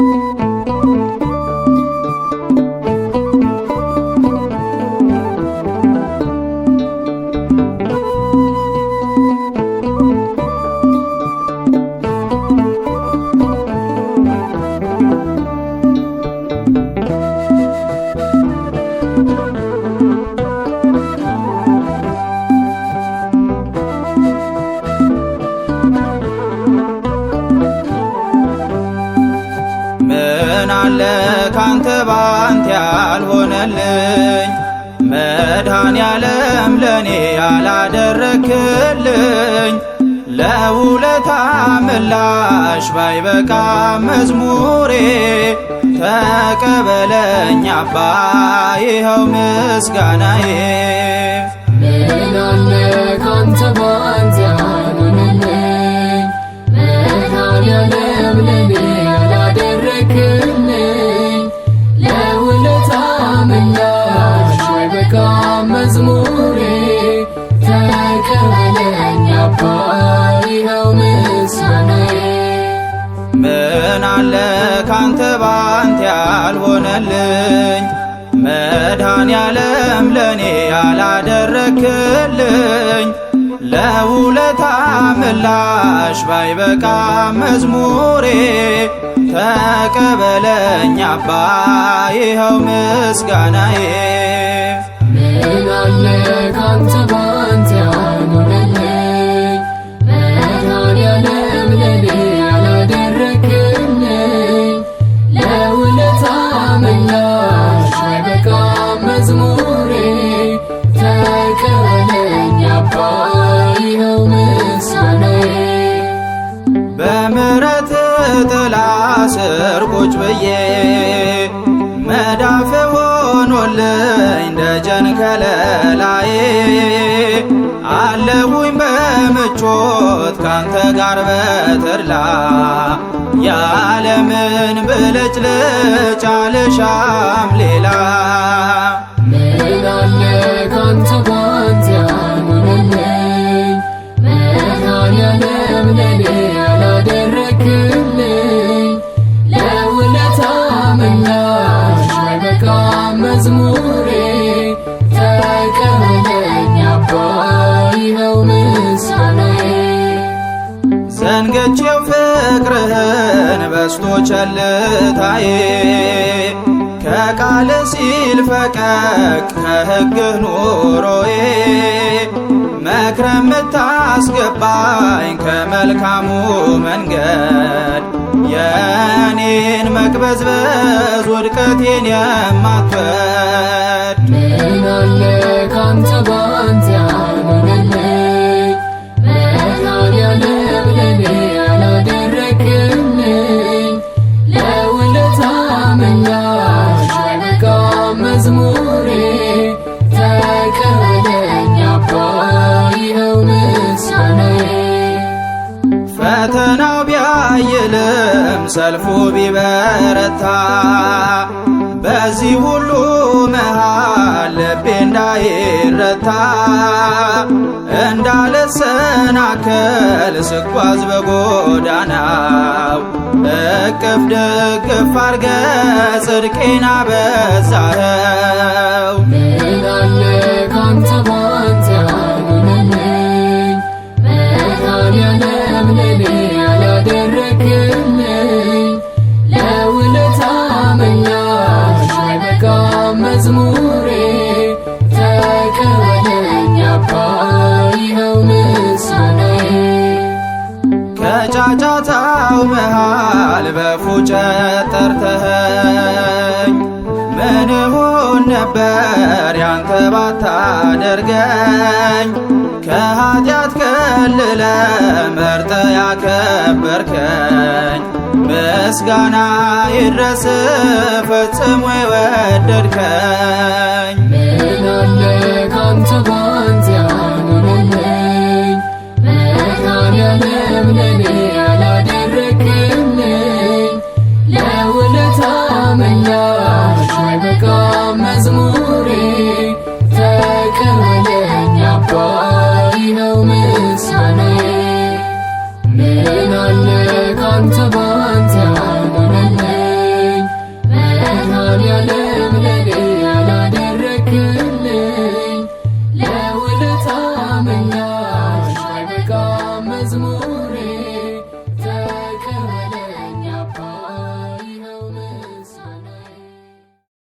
Thank you. አለ ካንተ ባንተ ያልሆነልኝ መድኃኔ ዓለም ለኔ ያላደረክልኝ ለውለታ ምላሽ ባይበቃ መዝሙሬ ተቀበለኝ አባ ይኸው ምስጋናዬ ምን ካንተ ባንተ ሆነልኝ መድኃኔ ዓለም ለእኔ ያላደረክልኝ ለውለታ ምላሽ ባይበቃ መዝሙሬ ተቀበለኝ አባ ይኸው ምስጋናዬ ምን አለ ካንተ ጥላ ስር ቁጭ ብዬ መዳፍ ሆኖልኝ ደጀን ከለላዬ አለሁኝ በምቾት ካንተ ጋር በተድላ ያለምን ብልጭልጭ አልሻምሌ ፍቅርህን በስቶ ቸልታዬ ከቃል ሲል ፈቀቅ ከሕግህ ኑሮዬ መክረ ምታስገባኝ ከመልካሙ መንገድ የኔን መቅበዝበዝ ውድቀቴን የማትበል ፈተናው ቢያይልም ሰልፉ ቢበረታ በዚህ ሁሉ መሃል ልቤ እንዳይረታ እንዳልሰናከል ስጓዝ በጎዳናው እቅፍ ድግፍ አርገ ጽድቄና በዛህ ፉጨ ጠርተኸኝ ምን እሆን ነበር ያንተ ባታደርገኝ ከኃጢአት ከልለ መርጠ ያከበርከኝ ምስጋና ይድረስ ፈጽሞ የወደድከኝ ምን አለ ካንተ አይበቃ መዝሙሬ ተቀበለኝ አባይ ነው ምስጋናዬ ምን አለ